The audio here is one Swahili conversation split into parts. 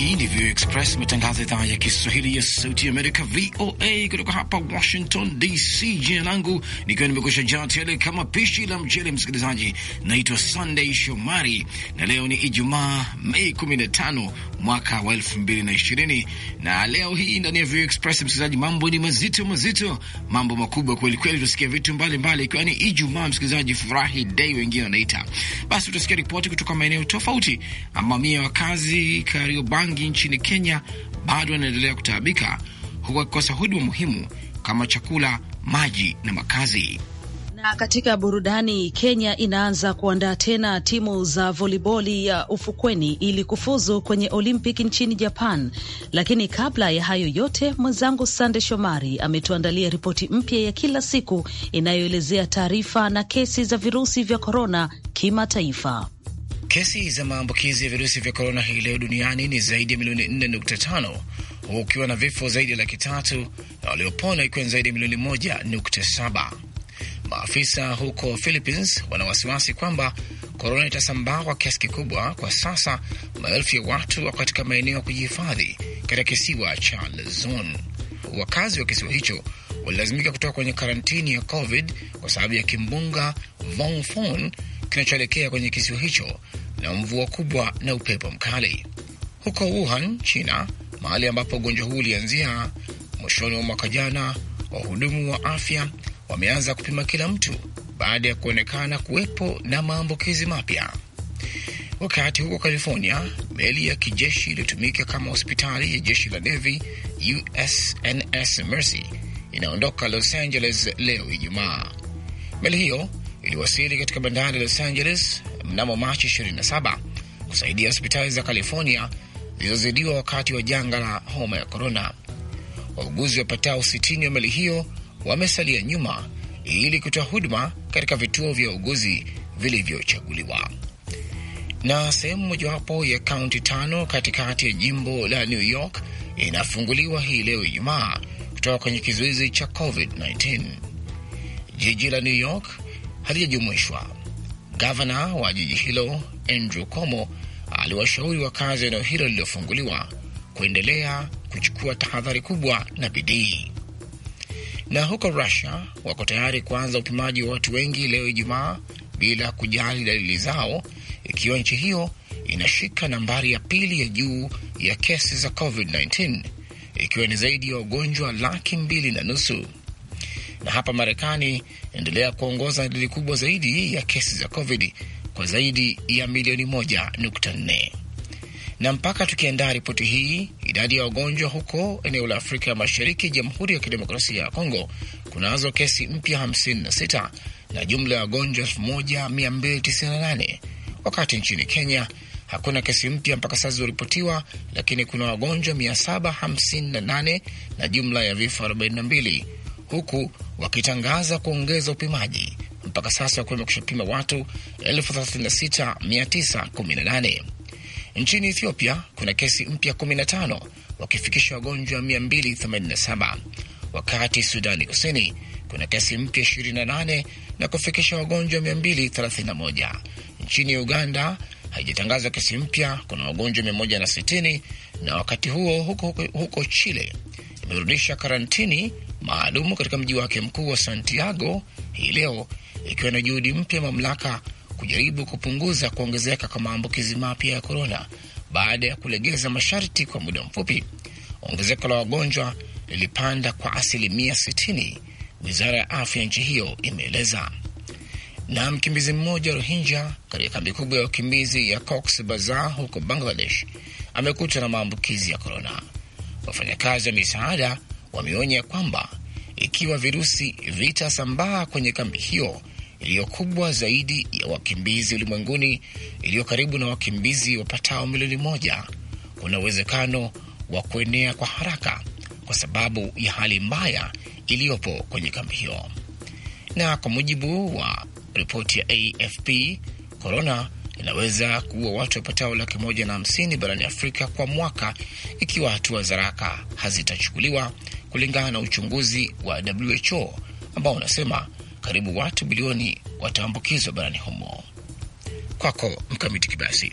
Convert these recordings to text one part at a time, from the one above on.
Hii ni VOA Express, matangazo ya idhaa ya Kiswahili ya sauti Amerika, VOA, kutoka hapa Washington DC. Jina langu nikiwa nimekusha jaa tele kama pishi la mchele. Msikilizaji, naitwa Sunday Shomari na leo ni Ijumaa, Mei 15 mwaka wa 2020, na leo hii ndani ya VOA Express msikilizaji, mambo ni mazito mazito, mambo makubwa kwelikweli. Tutasikia vitu mbalimbali, ikiwa ni Ijumaa msikilizaji, furahi dei wengine wanaita. Basi utasikia ripoti kutoka maeneo tofauti, mamia ya wakazi Kariobangi rangi nchini Kenya bado wanaendelea kutaabika huku akikosa huduma muhimu kama chakula, maji na makazi. Na katika burudani, Kenya inaanza kuandaa tena timu za voliboli ya ufukweni ili kufuzu kwenye Olympic nchini Japan. Lakini kabla ya hayo yote, mwenzangu Sande Shomari ametuandalia ripoti mpya ya kila siku inayoelezea taarifa na kesi za virusi vya korona kimataifa. Kesi za maambukizi ya virusi vya korona hii leo duniani ni zaidi ya milioni 4.5 huku ukiwa na vifo zaidi ya laki tatu na waliopona ikiwa ni zaidi ya milioni 1.7. Maafisa huko Philippines wana wasiwasi kwamba korona itasambaa kwa kiasi kikubwa. Kwa sasa maelfu ya watu wako katika maeneo ya kujihifadhi katika kisiwa cha Luzon. Wakazi wa kisiwa hicho walilazimika kutoka kwenye karantini ya COVID kwa sababu ya kimbunga Vongfon kinachoelekea kwenye kisiwa hicho na mvua kubwa na upepo mkali. Huko Wuhan, China, mahali ambapo ugonjwa huu ulianzia mwishoni mwa mwaka jana, wahudumu wa afya wameanza kupima kila mtu baada ya kuonekana kuwepo na maambukizi mapya. Wakati huko California, meli ya kijeshi iliyotumika kama hospitali ya jeshi la Navy USNS Mercy inaondoka Los Angeles leo Ijumaa. Meli hiyo iliwasili katika bandari ya Los Angeles mnamo Machi 27 kusaidia hospitali za California zilizozidiwa wakati wa janga la homa ya korona. Wauguzi wapatao 60 wa meli hiyo wamesalia nyuma ili kutoa huduma katika vituo vya uguzi vilivyochaguliwa. Na sehemu mojawapo ya kaunti tano katikati ya jimbo la New York inafunguliwa hii leo Ijumaa kutoka kwenye kizuizi cha COVID-19. Jiji la New York halijajumuishwa. Gavana wa jiji hilo Andrew Cuomo aliwashauri wakazi wa eneo hilo lililofunguliwa kuendelea kuchukua tahadhari kubwa na bidii. Na huko Rusia wako tayari kuanza upimaji wa watu wengi leo Ijumaa bila kujali dalili zao, ikiwa nchi hiyo inashika nambari ya pili ya juu ya kesi za COVID-19 ikiwa ni zaidi ya wagonjwa laki mbili na nusu na hapa Marekani inaendelea kuongoza idadi kubwa zaidi ya kesi za COVID kwa zaidi ya milioni moja nukta nne na mpaka tukiandaa ripoti hii, idadi ya wagonjwa huko eneo la Afrika ya Mashariki, Jamhuri ya Kidemokrasia ya Kongo, kunazo kesi mpya 56 na jumla ya wagonjwa 1298 wakati nchini Kenya hakuna kesi mpya mpaka sasa zilizoripotiwa, lakini kuna wagonjwa 758 na jumla ya vifo 42 huku wakitangaza kuongeza upimaji. Mpaka sasa wakiweza kushapima watu 36918. Nchini Ethiopia kuna kesi mpya 15 wakifikisha wagonjwa 287, wakati Sudani Kusini kuna kesi mpya 28 na kufikisha wagonjwa 231. Nchini Uganda haijatangazwa kesi mpya, kuna wagonjwa 160 na, na wakati huo huko, huko, huko Chile imerudisha karantini maalumu katika mji wake mkuu wa Santiago hii leo, ikiwa na juhudi mpya mamlaka kujaribu kupunguza kuongezeka kwa maambukizi mapya ya korona baada ya kulegeza masharti kwa muda mfupi. Ongezeko la wagonjwa lilipanda kwa asilimia 60, wizara ya afya nchi hiyo imeeleza. Na mkimbizi mmoja wa Rohingya katika kambi kubwa ya wakimbizi ya Cox Bazar huko Bangladesh amekutwa na maambukizi ya korona. Wafanyakazi wa misaada wameonya kwamba ikiwa virusi vitasambaa kwenye kambi hiyo iliyo kubwa zaidi ya wakimbizi ulimwenguni, iliyo karibu na wakimbizi wapatao milioni moja, kuna uwezekano wa kuenea kwa haraka kwa sababu ya hali mbaya iliyopo kwenye kambi hiyo. Na kwa mujibu wa ripoti ya AFP, korona inaweza kuua watu wapatao laki moja na hamsini barani Afrika kwa mwaka ikiwa hatua za haraka hazitachukuliwa kulingana na uchunguzi wa WHO ambao unasema karibu watu bilioni wataambukizwa barani humo. Kwako Mkamiti Kibasi.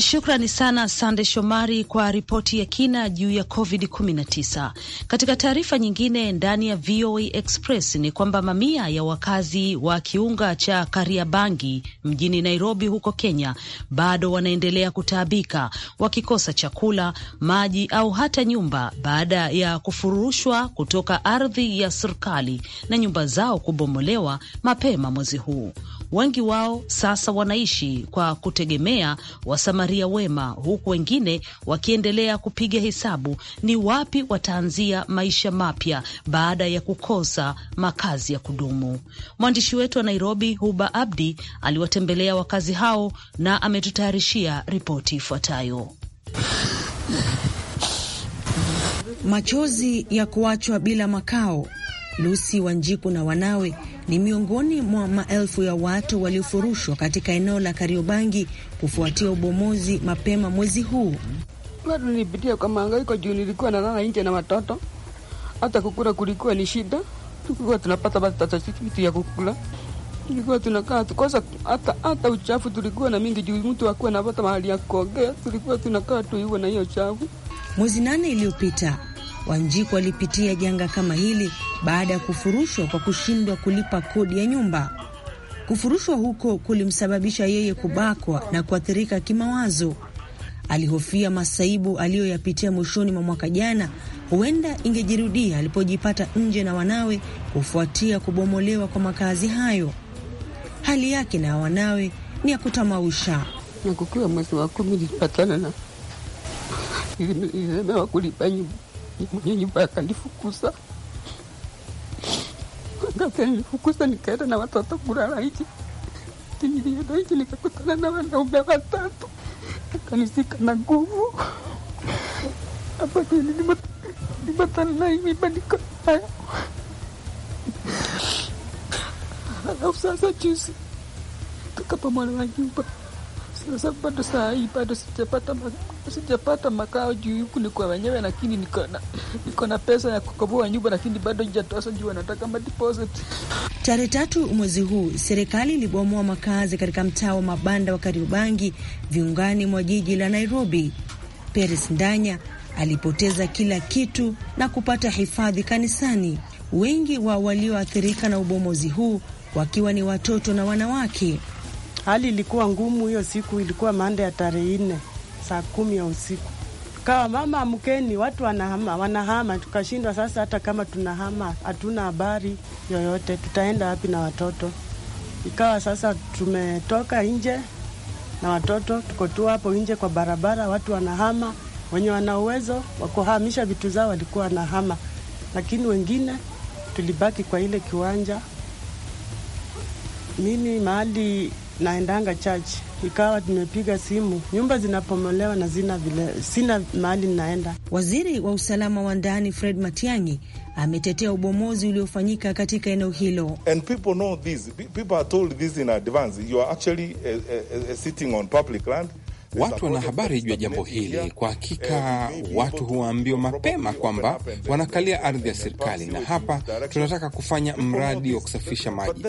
Shukrani sana Sande Shomari kwa ripoti ya kina juu ya COVID-19. Katika taarifa nyingine ndani ya VOA Express ni kwamba mamia ya wakazi wa kiunga cha Kariabangi mjini Nairobi huko Kenya bado wanaendelea kutaabika wakikosa chakula, maji au hata nyumba baada ya kufurushwa kutoka ardhi ya serikali na nyumba zao kubomolewa mapema mwezi huu. Wengi wao sasa wanaishi kwa kutegemea wasamaria wema, huku wengine wakiendelea kupiga hesabu ni wapi wataanzia maisha mapya baada ya kukosa makazi ya kudumu. Mwandishi wetu wa Nairobi, Huba Abdi, aliwatembelea wakazi hao na ametutayarishia ripoti ifuatayo. Machozi ya kuachwa bila makao. Lusi Wanjiku na wanawe ni miongoni mwa maelfu ya watu waliofurushwa katika eneo la Kariobangi kufuatia ubomozi mapema mwezi huu. Bado nilipitia kwa mahangaiko juu nilikuwa nalala nje na watoto, hata kukula kulikuwa ni shida. Tulikuwa tunapata basi tata ya kukula, ilikuwa tunakaa tukosa hata hata uchafu tulikuwa na mingi juu mtu akuwa anapata mahali ya kuogea, tulikuwa tunakaa tu hiyo na hiyo chafu. Mwezi nane iliyopita Wanjiku walipitia janga kama hili baada ya kufurushwa kwa kushindwa kulipa kodi ya nyumba. Kufurushwa huko kulimsababisha yeye kubakwa na kuathirika kimawazo. Alihofia masaibu aliyoyapitia mwishoni mwa mwaka jana huenda ingejirudia alipojipata nje na wanawe kufuatia kubomolewa kwa makazi hayo. Hali yake na wanawe ni ya kutamausha. Nakukiwa mwezi wa kumi nilipatana na ililemewa kulipa nyumba mwenyewe akanifukuza, akanifukuza nikaenda na watoto kulala nje. Nilienda nje nikakutana na wanaume watatu, akanishika na nguvu hapa nimepatana na mibadiliko hayo. Alafu sasa juzi tukapa mwana wa nyumba Sasa bado saa hii bado sijapata sijapata makao juu huku ni kwa wenyewe, lakini niko na niko na pesa ya kukoboa nyumba, lakini bado sijatosa juu wanataka deposit. Tarehe tatu mwezi huu serikali ilibomoa makazi katika mtaa wa mabanda wa kariobangi viungani mwa jiji la Nairobi. Peres Ndanya alipoteza kila kitu na kupata hifadhi kanisani, wengi wa walioathirika na ubomozi huu wakiwa ni watoto na wanawake. Hali ilikuwa ngumu hiyo siku, ilikuwa mande ya tarehe nne saa kumi ya usiku, kawa mama amkeni, watu wanahama, wanahama. Tukashindwa sasa, hata kama tunahama hatuna habari yoyote, tutaenda wapi na watoto? Ikawa sasa tumetoka nje na watoto, tuko tu hapo nje kwa barabara, watu wanahama, wenye wana uwezo wa kuhamisha vitu zao walikuwa wanahama, lakini wengine tulibaki kwa ile kiwanja. Mimi mahali naendanga church, ikawa tumepiga simu, nyumba zinapomolewa na zina vile, sina mahali ninaenda. Waziri wa usalama wa ndani Fred Matiang'i ametetea ubomozi uliofanyika katika eneo hilo watu wana habari juu ya jambo hili. Kwa hakika, watu huwaambiwa mapema kwamba wanakalia ardhi ya serikali, na hapa tunataka kufanya mradi wa kusafisha maji,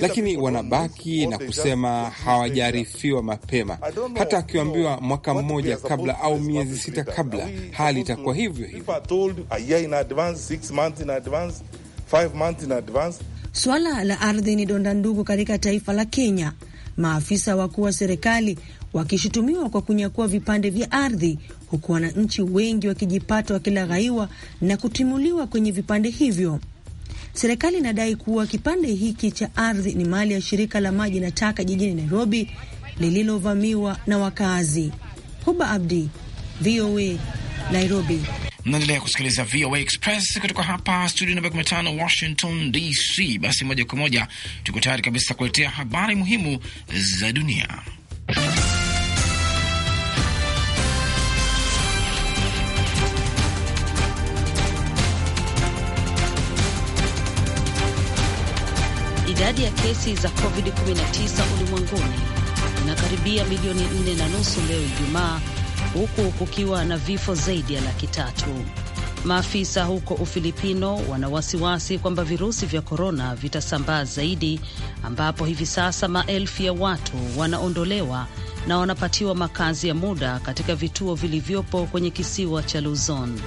lakini wanabaki na kusema hawajaarifiwa mapema, hata akiwaambiwa mwaka mmoja kabla au miezi sita kabla, hali itakuwa hivyo hivyo. Swala la ardhi ni donda ndugu katika taifa la Kenya. Maafisa wakuu wa serikali wakishutumiwa kwa kunyakua vipande vya ardhi, huku wananchi wengi wakijipata wakilaghaiwa na kutimuliwa kwenye vipande hivyo. Serikali inadai kuwa kipande hiki cha ardhi ni mali ya shirika la maji na taka jijini Nairobi lililovamiwa na wakazi. Huba Abdi, VOA, Nairobi. Mnaendelea kusikiliza VOA Express kutoka hapa studio namba 15 Washington DC. Basi moja kwa moja tuko tayari kabisa kuletea habari muhimu za dunia. Idadi ya kesi za COVID-19 ulimwenguni inakaribia milioni nne na nusu leo Ijumaa, huku kukiwa na vifo zaidi ya laki tatu. Maafisa huko Ufilipino wana wasiwasi kwamba virusi vya korona vitasambaa zaidi, ambapo hivi sasa maelfu ya watu wanaondolewa na wanapatiwa makazi ya muda katika vituo vilivyopo kwenye kisiwa cha Luzon.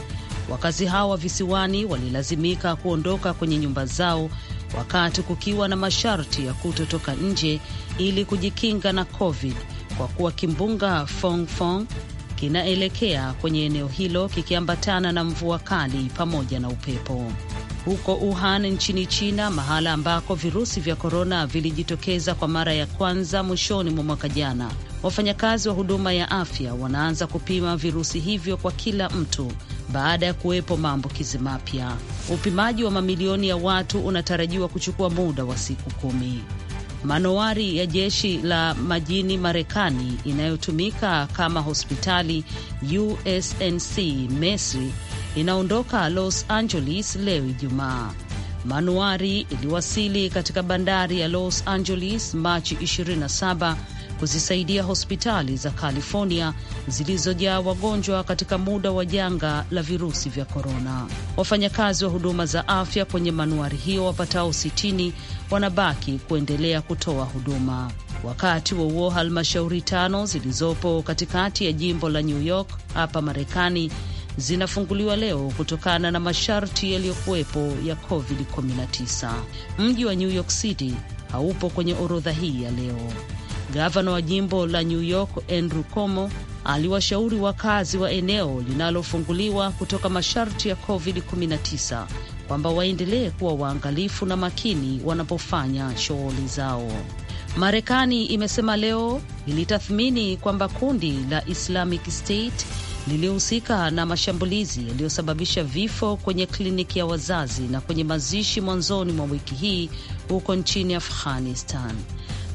Wakazi hao wa visiwani walilazimika kuondoka kwenye nyumba zao wakati kukiwa na masharti ya kutotoka nje ili kujikinga na COVID kwa kuwa kimbunga Fong Fong kinaelekea kwenye eneo hilo kikiambatana na mvua kali pamoja na upepo. Huko Wuhan nchini China, mahala ambako virusi vya korona vilijitokeza kwa mara ya kwanza mwishoni mwa mwaka jana, wafanyakazi wa huduma ya afya wanaanza kupima virusi hivyo kwa kila mtu baada ya kuwepo maambukizi mapya. Upimaji wa mamilioni ya watu unatarajiwa kuchukua muda wa siku kumi. Manowari ya jeshi la majini Marekani inayotumika kama hospitali USNC Mesri inaondoka Los Angeles leo Ijumaa. Manowari iliwasili katika bandari ya Los Angeles Machi 27 kuzisaidia hospitali za California zilizojaa wagonjwa katika muda wa janga la virusi vya korona. Wafanyakazi wa huduma za afya kwenye manuari hiyo wapatao 60 wanabaki kuendelea kutoa huduma. Wakati huo halmashauri tano zilizopo katikati ya jimbo la New York hapa Marekani zinafunguliwa leo kutokana na masharti yaliyokuwepo ya COVID-19. Mji wa New York City haupo kwenye orodha hii ya leo. Gavana wa jimbo la New York Andrew Cuomo aliwashauri wakazi wa eneo linalofunguliwa kutoka masharti ya COVID-19 kwamba waendelee kuwa waangalifu na makini wanapofanya shughuli zao. Marekani imesema leo ilitathmini kwamba kundi la Islamic State lilihusika na mashambulizi yaliyosababisha vifo kwenye kliniki ya wazazi na kwenye mazishi mwanzoni mwa wiki hii huko nchini Afghanistan.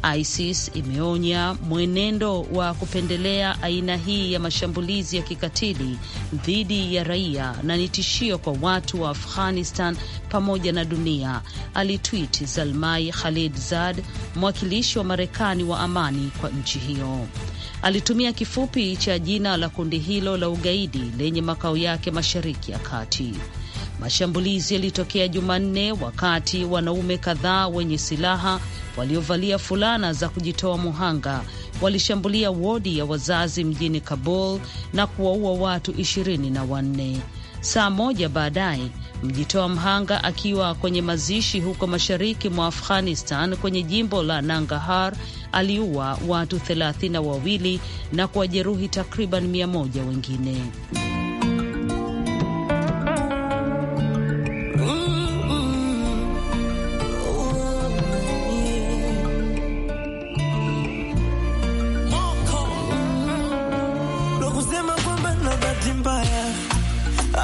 ISIS imeonya mwenendo wa kupendelea aina hii ya mashambulizi ya kikatili dhidi ya raia na ni tishio kwa watu wa Afghanistan pamoja na dunia, alitwit Zalmai zad mwakilishi wa Marekani wa amani kwa nchi hiyo. Alitumia kifupi cha jina la kundi hilo la ugaidi lenye makao yake Mashariki ya Kati. Mashambulizi yalitokea Jumanne wakati wanaume kadhaa wenye silaha waliovalia fulana za kujitoa muhanga walishambulia wodi ya wazazi mjini Kabul na kuwaua watu ishirini na wanne. Saa moja baadaye mjitoa mhanga akiwa kwenye mazishi huko mashariki mwa Afghanistan kwenye jimbo la Nangahar aliua watu thelathini na wawili na kuwajeruhi takriban mia moja wengine. bahati mbaya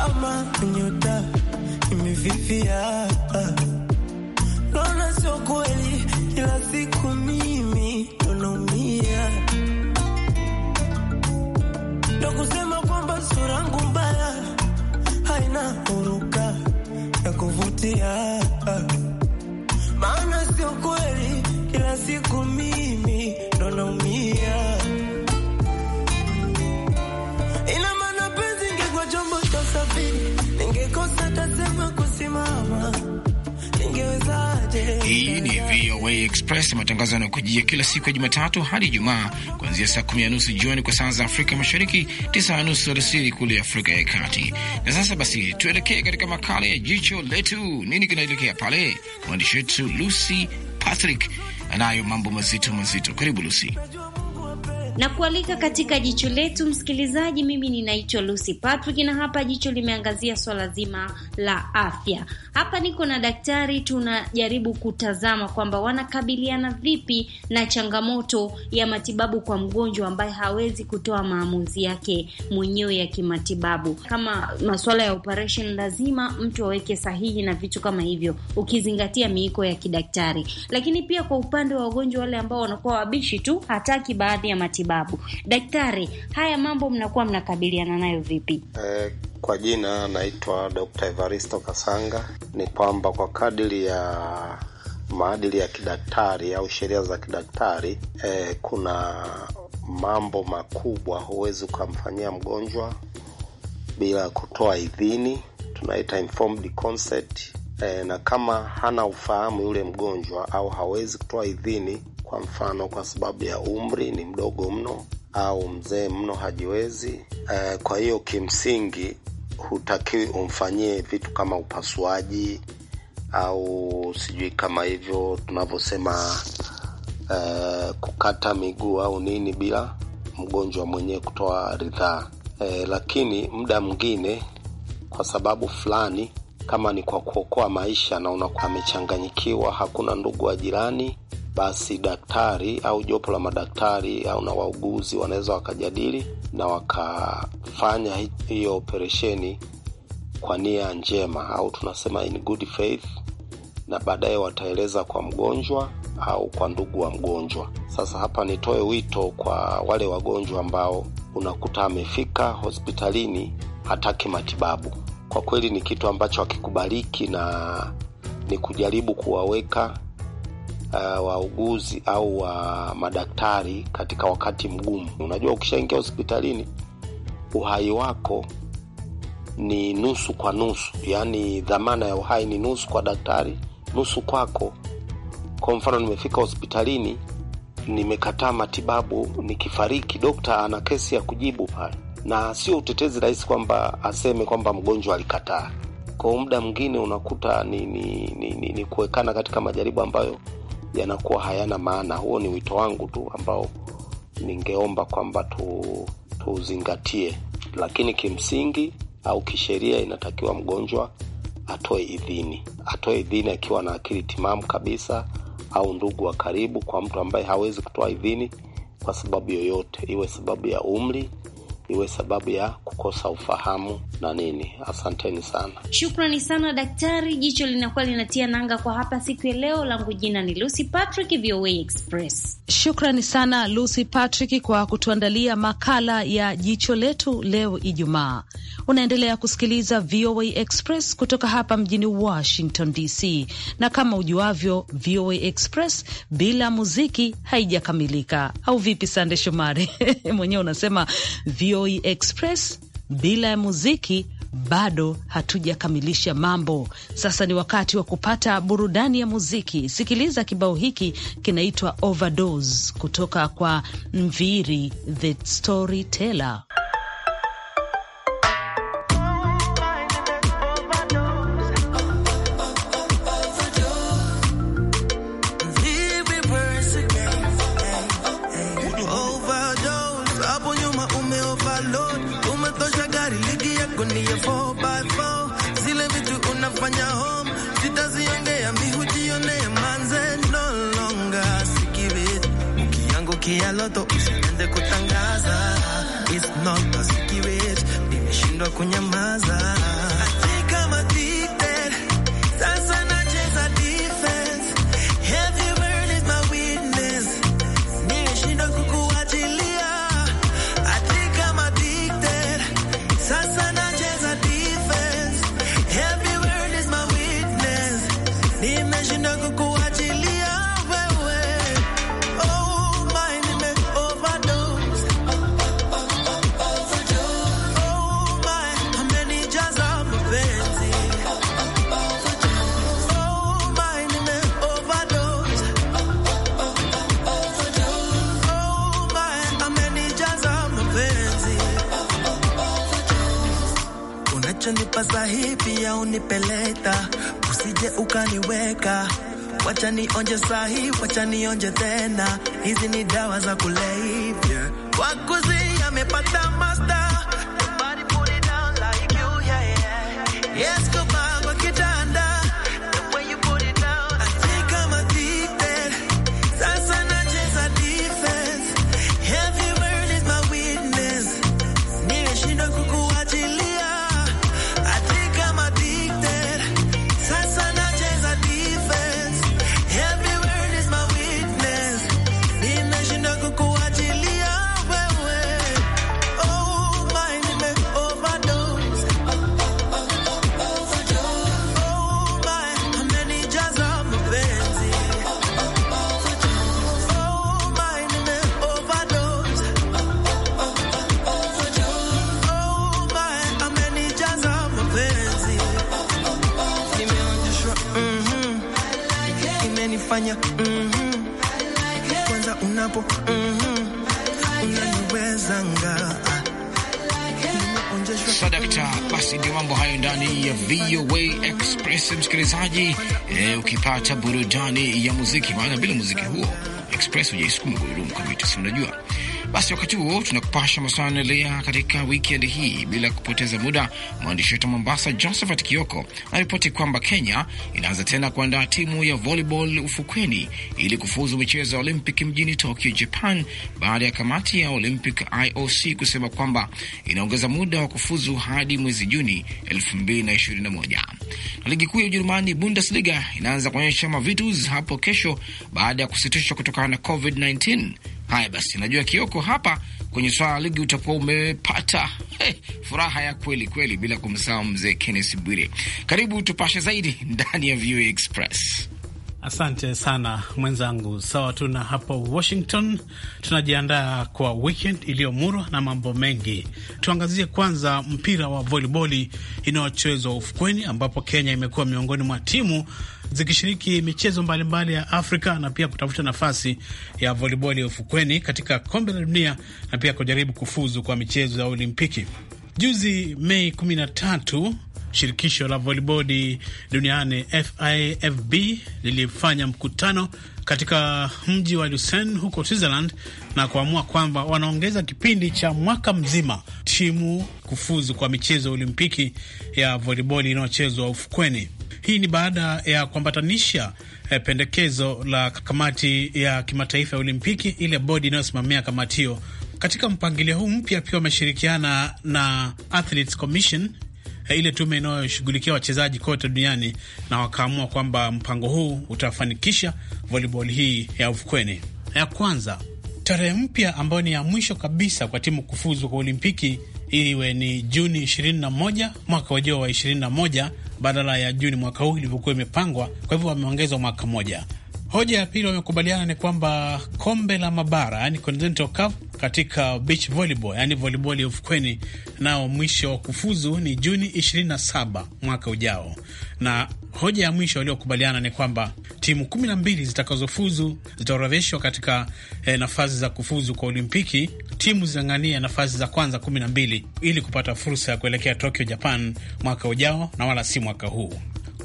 ama kunyuta imevivia, naona sio kweli, kila siku mimi naumia, ndo kusema kwamba sura yangu mbaya haina huruka ya kuvutia, maana sio kweli, kila siku mimi Hii ni VOA Express, matangazo yanayokujia kila siku ya Jumatatu hadi Ijumaa, kuanzia saa kumi na nusu jioni kwa saa za Afrika Mashariki, tisa na nusu alasiri kule Afrika ya Kati. Na sasa basi, tuelekee katika makala ya jicho letu. Nini kinaelekea pale? Mwandishi wetu Lucy Patrick anayo mambo mazito mazito. Karibu Lucy na kualika katika jicho letu. Msikilizaji, mimi ninaitwa Lucy Patrick na hapa jicho limeangazia swala zima la afya. Hapa niko na daktari, tunajaribu kutazama kwamba wanakabiliana vipi na changamoto ya matibabu kwa mgonjwa ambaye hawezi kutoa maamuzi yake mwenyewe ya kimatibabu. Kama masuala ya operation, lazima mtu aweke sahihi na vitu kama hivyo, ukizingatia miiko ya kidaktari. Lakini pia kwa upande wa wagonjwa wale ambao wanakuwa wabishi tu, hataki baadhi ya matibabu matibabu. Daktari, haya mambo mnakuwa mnakabiliana nayo vipi? Eh, kwa jina naitwa Dr. Evaristo Kasanga. Ni kwamba kwa kadiri ya maadili ya kidaktari au sheria za kidaktari eh, kuna mambo makubwa huwezi ukamfanyia mgonjwa bila kutoa idhini, tunaita informed consent. E, na kama hana ufahamu yule mgonjwa au hawezi kutoa idhini kwa mfano, kwa sababu ya umri ni mdogo mno au mzee mno hajiwezi. E, kwa hiyo kimsingi hutakiwi umfanyie vitu kama upasuaji au sijui kama hivyo tunavyosema e, kukata miguu au nini bila mgonjwa mwenyewe kutoa ridhaa. E, lakini muda mwingine kwa sababu fulani kama ni kwa kuokoa maisha na unakuwa amechanganyikiwa, hakuna ndugu wa jirani basi daktari au jopo la madaktari au na wauguzi wanaweza wakajadili na wakafanya hiyo operesheni kwa nia njema au tunasema in good faith, na baadaye wataeleza kwa mgonjwa au kwa ndugu wa mgonjwa. Sasa hapa nitoe wito kwa wale wagonjwa ambao unakuta amefika hospitalini hataki matibabu, kwa kweli ni kitu ambacho hakikubaliki, na ni kujaribu kuwaweka Eh, wauguzi au wa madaktari katika wakati mgumu. Unajua, ukishaingia hospitalini uhai wako ni nusu kwa nusu, yaani dhamana ya uhai ni nusu kwa daktari, nusu kwako. Kwa mfano, nimefika hospitalini nimekataa matibabu, nikifariki, dokta ana kesi ya kujibu pale, na sio utetezi rahisi kwamba aseme kwamba mgonjwa alikataa. Kwa muda mwingine unakuta ni, ni, ni, ni, ni kuwekana katika majaribu ambayo yanakuwa hayana maana. Huo ni wito wangu tu ambao ningeomba kwamba tu tuzingatie, lakini kimsingi au kisheria inatakiwa mgonjwa atoe idhini, atoe idhini akiwa na akili timamu kabisa, au ndugu wa karibu kwa mtu ambaye hawezi kutoa idhini kwa sababu yoyote, iwe sababu ya umri iwe sababu ya kukosa ufahamu na nini. Asanteni sana, shukrani sana daktari. Jicho linakuwa linatia nanga kwa hapa siku ya leo. Langu jina ni Lucy Patrick, VOA Express. Shukrani sana Lucy Patrick kwa kutuandalia makala ya jicho letu leo Ijumaa. Unaendelea kusikiliza VOA Express kutoka hapa mjini Washington DC, na kama ujuavyo, VOA Express bila muziki haijakamilika, au vipi? Sande Shomari mwenyewe unasema VOA VOA Express bila ya muziki bado hatujakamilisha mambo. Sasa ni wakati wa kupata burudani ya muziki. Sikiliza kibao hiki kinaitwa Overdose kutoka kwa Mviri the Storyteller. It's not a secret, nimeshindwa kunyamaza wachonipasa hivi ya unipeleta, usije ukaniweka, wacha nionje sahi, wacha nionje tena, hizi ni dawa za kulevya wakuzi amepata VOA Express msikilizaji, eh, ukipata burudani ya muziki, maana bila muziki huo Express hujaisukuma gurudumu kama itasi, unajua basi wakati huo tunakupasha masuala yanaendelea katika wikendi hii. Bila kupoteza muda, mwandishi wetu Mombasa Josephat Kioko anaripoti kwamba Kenya inaanza tena kuandaa timu ya volleyball ufukweni ili kufuzu michezo ya Olympic mjini Tokyo, Japan, baada ya kamati ya Olympic IOC kusema kwamba inaongeza muda wa kufuzu hadi mwezi Juni 2021. Na ligi kuu ya Ujerumani Bundesliga inaanza kuonyesha mavitus hapo kesho baada ya kusitishwa kutokana na COVID-19. Haya basi, najua Kioko hapa kwenye swala la ligi utakuwa umepata hey, eh, furaha ya kweli kweli, bila kumsahau mzee kennes Bwire. Karibu tupashe zaidi ndani ya VOA Express. Asante sana mwenzangu. Sawa, tuna hapo Washington, tunajiandaa kwa weekend iliyomurwa na mambo mengi. Tuangazie kwanza mpira wa voliboli inayochezwa ufukweni, ambapo Kenya imekuwa miongoni mwa timu zikishiriki michezo mbalimbali ya Afrika na pia kutafuta nafasi ya voliboli ya ufukweni katika kombe la dunia na pia kujaribu kufuzu kwa michezo ya Olimpiki. Juzi Mei 13 Shirikisho la volibodi duniani fifb lilifanya mkutano katika mji wa lusen huko Switzerland na kuamua kwamba wanaongeza kipindi cha mwaka mzima timu kufuzu kwa michezo ya Olimpiki ya voliboli inayochezwa ufukweni. Hii ni baada ya kuambatanisha eh, pendekezo la kamati ya kimataifa ya Olimpiki, ile bodi inayosimamia kamati hiyo. Katika mpangilio huu mpya, pia wameshirikiana na Athletes Commission ile tume inayoshughulikia wachezaji kote duniani, na wakaamua kwamba mpango huu utafanikisha volleyball hii ya ufukweni ya kwanza. Tarehe mpya ambayo ni ya mwisho kabisa kwa timu kufuzu kwa Olimpiki iwe ni Juni 21 mwaka ujao wa 21 badala ya Juni mwaka huu ilivyokuwa imepangwa. Kwa hivyo wameongezwa mwaka mmoja. Hoja ya pili wamekubaliana ni kwamba kombe la mabara, yani Continental Cup katika beach volleyball, yani volleyball ya ufukweni, nao mwisho wa kufuzu ni Juni 27 mwaka ujao. Na hoja ya mwisho waliokubaliana ni kwamba timu 12 zitakazofuzu zitaorodheshwa katika eh, nafasi za kufuzu kwa Olimpiki. Timu zinang'ania nafasi za kwanza 12 ili kupata fursa ya kuelekea Tokyo, Japan mwaka ujao na wala si mwaka huu.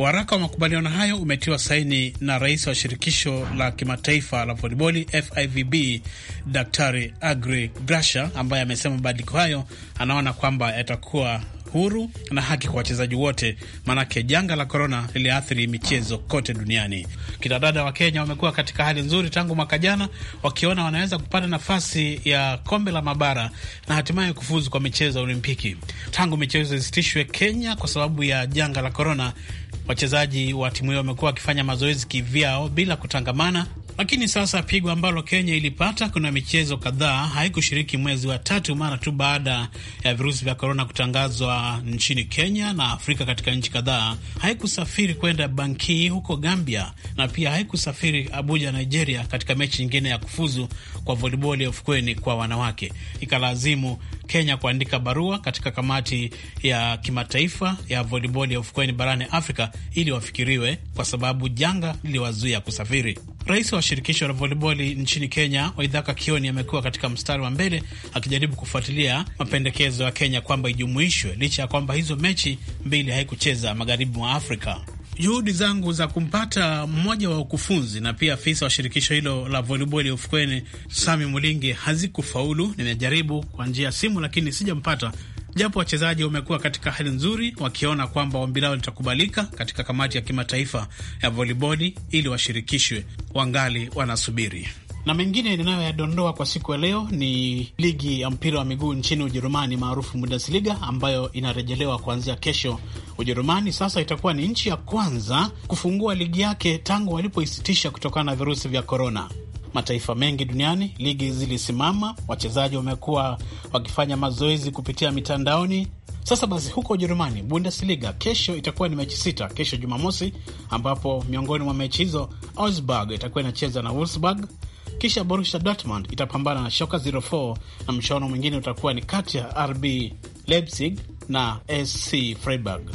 Waraka wa makubaliano hayo umetiwa saini na rais wa shirikisho la kimataifa la voliboli FIVB Daktari Agri Grasha, ambaye amesema mabadiliko hayo anaona kwamba yatakuwa huru na haki kwa wachezaji wote, maanake janga la korona liliathiri michezo kote duniani. Kinadada wa Kenya wamekuwa katika hali nzuri tangu mwaka jana, wakiona wanaweza kupata nafasi ya kombe la mabara na hatimaye kufuzu kwa michezo ya Olimpiki. Tangu michezo isitishwe Kenya kwa sababu ya janga la korona, Wachezaji wa timu hiyo wamekuwa wakifanya mazoezi kivyao bila kutangamana lakini sasa pigo ambalo Kenya ilipata, kuna michezo kadhaa haikushiriki mwezi wa tatu, mara tu baada ya virusi vya korona kutangazwa nchini Kenya na Afrika katika nchi kadhaa. Haikusafiri kwenda Banki huko Gambia, na pia haikusafiri Abuja, Nigeria, katika mechi nyingine ya kufuzu kwa voliboli ya ufukweni kwa wanawake. Ikalazimu Kenya kuandika barua katika kamati ya kimataifa ya voliboli ya ufukweni barani Afrika ili wafikiriwe, kwa sababu janga liliwazuia kusafiri. Rais wa shirikisho la voliboli nchini Kenya, Waidhaka Kioni, amekuwa katika mstari wa mbele akijaribu kufuatilia mapendekezo ya Kenya kwamba ijumuishwe, licha ya kwamba hizo mechi mbili haikucheza magharibi mwa Afrika. Juhudi zangu za kumpata mmoja wa ukufunzi na pia afisa wa shirikisho hilo la voliboli ufukweni Sami Mulingi hazikufaulu. Nimejaribu kwa njia ya simu, lakini sijampata japo wachezaji wamekuwa katika hali nzuri, wakiona kwamba ombi lao litakubalika katika kamati ya kimataifa ya voliboli ili washirikishwe, wangali wanasubiri na mengine ninayoyadondoa kwa siku ya leo ni ligi ya mpira wa miguu nchini Ujerumani maarufu Bundesliga, ambayo inarejelewa kuanzia kesho. Ujerumani sasa itakuwa ni nchi ya kwanza kufungua ligi yake tangu walipoisitisha kutokana na virusi vya korona mataifa mengi duniani ligi zilisimama, wachezaji wamekuwa wakifanya mazoezi kupitia mitandaoni. Sasa basi, huko Ujerumani, Bundesliga kesho itakuwa ni mechi sita, kesho Jumamosi, ambapo miongoni mwa mechi hizo Augsburg itakuwa inacheza na Wolfsburg, kisha Borussia Dortmund itapambana na Schalke 04 na mchuano mwingine utakuwa ni kati ya RB Leipzig na SC Freiburg.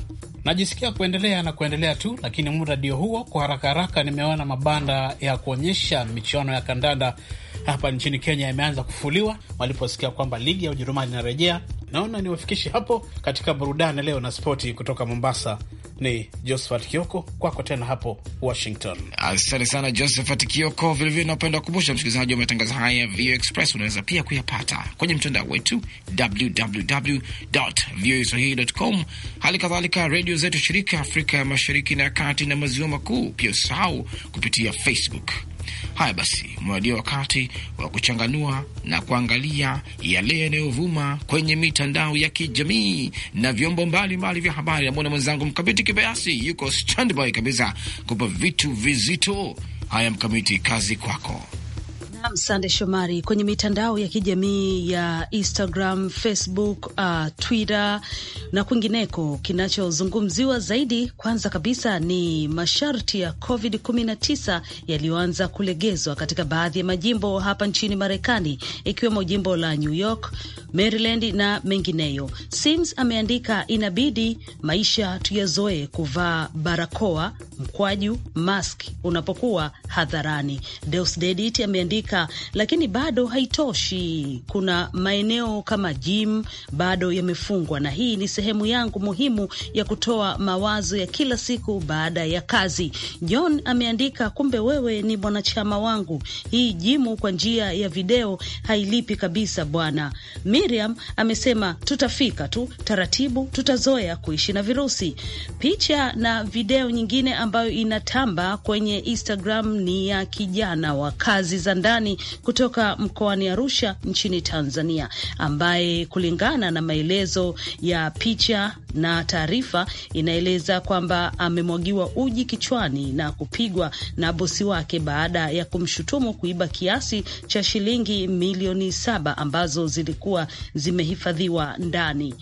Najisikia kuendelea na kuendelea tu, lakini muda ndio huo. Kwa haraka haraka, nimeona mabanda ya kuonyesha michuano ya kandanda hapa nchini Kenya yameanza kufuliwa waliposikia kwamba ligi ya Ujerumani inarejea. Naona niwafikishe hapo katika burudani leo na spoti. Kutoka Mombasa ni Josephat Kioko, kwako tena hapo Washington. Asante sana Josephat Kioko. Vilevile napenda kukumbusha msikilizaji wa matangazo haya ya VOA Express, unaweza pia kuyapata kwenye mtandao wetu www www.voaswahili.com, hali kadhalika redio zetu shirika Afrika ya Mashariki na Kati na Maziwa Makuu, pia usahau kupitia Facebook. Haya basi, umewadia wakati wa kuchanganua na kuangalia yale yanayovuma kwenye mitandao ya kijamii na vyombo mbalimbali vya habari. Namwona mwenzangu Mkamiti Kibayasi yuko standby kabisa kupa vitu vizito. Haya Mkamiti, kazi kwako. Nam sande Shomari, kwenye mitandao ya kijamii ya Instagram, Facebook, uh, Twitter na kwingineko, kinachozungumziwa zaidi kwanza kabisa ni masharti ya COVID-19 yaliyoanza kulegezwa katika baadhi ya majimbo hapa nchini Marekani, ikiwemo jimbo la New York, Maryland na mengineyo. Sims ameandika, inabidi maisha tuyazoe kuvaa barakoa mkwaju mask unapokuwa hadharani. Deusdedit ameandika kadhalika, lakini bado haitoshi. Kuna maeneo kama gym bado yamefungwa, na hii ni sehemu yangu muhimu ya kutoa mawazo ya kila siku baada ya kazi. John ameandika, kumbe wewe ni mwanachama wangu. Hii jimu kwa njia ya video hailipi kabisa bwana. Miriam amesema, tutafika tu taratibu, tutazoea kuishi na virusi. Picha na video nyingine ambayo inatamba kwenye Instagram ni ya kijana wa kazi za ndani Ramadhani kutoka mkoani Arusha nchini Tanzania, ambaye kulingana na maelezo ya picha na taarifa inaeleza kwamba amemwagiwa uji kichwani na kupigwa na bosi wake baada ya kumshutumu kuiba kiasi cha shilingi milioni saba ambazo zilikuwa zimehifadhiwa ndani.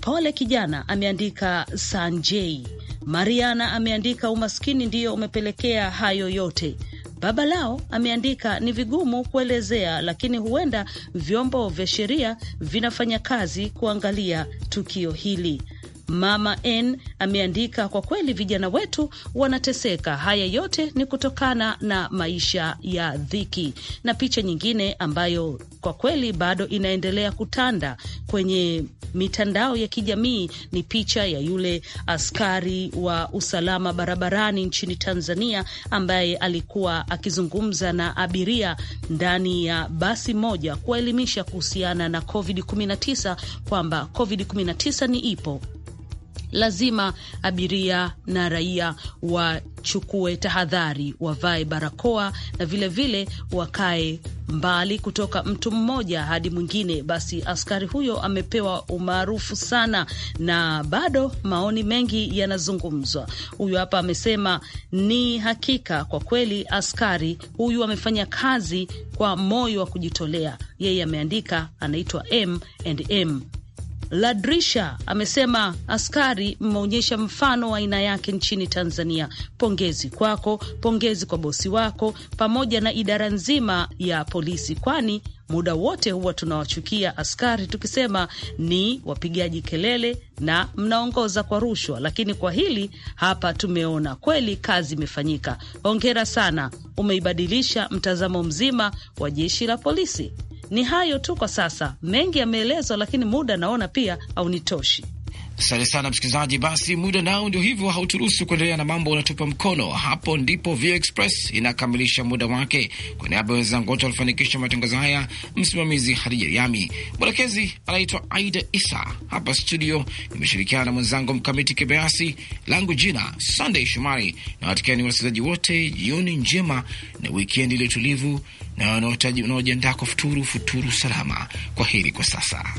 Pole kijana, ameandika Sanjei. Mariana ameandika umaskini ndiyo umepelekea hayo yote. Baba lao ameandika, ni vigumu kuelezea, lakini huenda vyombo vya sheria vinafanya kazi kuangalia tukio hili. Mama N ameandika, kwa kweli vijana wetu wanateseka. Haya yote ni kutokana na maisha ya dhiki. Na picha nyingine ambayo kwa kweli bado inaendelea kutanda kwenye mitandao ya kijamii ni picha ya yule askari wa usalama barabarani nchini Tanzania ambaye alikuwa akizungumza na abiria ndani ya basi moja kuwaelimisha kuhusiana na COVID-19 kwamba COVID-19 ni ipo lazima abiria na raia wachukue tahadhari, wavae barakoa na vilevile vile wakae mbali kutoka mtu mmoja hadi mwingine. Basi askari huyo amepewa umaarufu sana, na bado maoni mengi yanazungumzwa. Huyu hapa amesema ni hakika, kwa kweli askari huyu amefanya kazi kwa moyo wa kujitolea. Yeye ameandika anaitwa M and M Ladrisha amesema askari mmeonyesha mfano wa aina yake nchini Tanzania. Pongezi kwako, pongezi kwa bosi wako pamoja na idara nzima ya polisi, kwani muda wote huwa tunawachukia askari tukisema ni wapigaji kelele na mnaongoza kwa rushwa, lakini kwa hili hapa tumeona kweli kazi imefanyika. Hongera sana, umeibadilisha mtazamo mzima wa jeshi la polisi. Ni hayo tu kwa sasa, mengi yameelezwa, lakini muda naona pia haunitoshi. Asante sana msikilizaji, basi muda nao ndio hivyo hauturuhusu kuendelea na mambo, unatupa mkono hapo. Ndipo VOA Express inakamilisha muda wake. Kwa niaba ya wenzangu wote walifanikisha matangazo haya, msimamizi Hadija Riami, mwelekezi anaitwa Aida Isa. Hapa studio imeshirikiana na mwenzangu Mkamiti Kibayasi, langu jina Sandey Shomari na watakiani wasikilizaji wote jioni njema na wikendi iliyo tulivu, na wanaojiandaa kwa futuru, futuru salama. Kwa heri kwa sasa.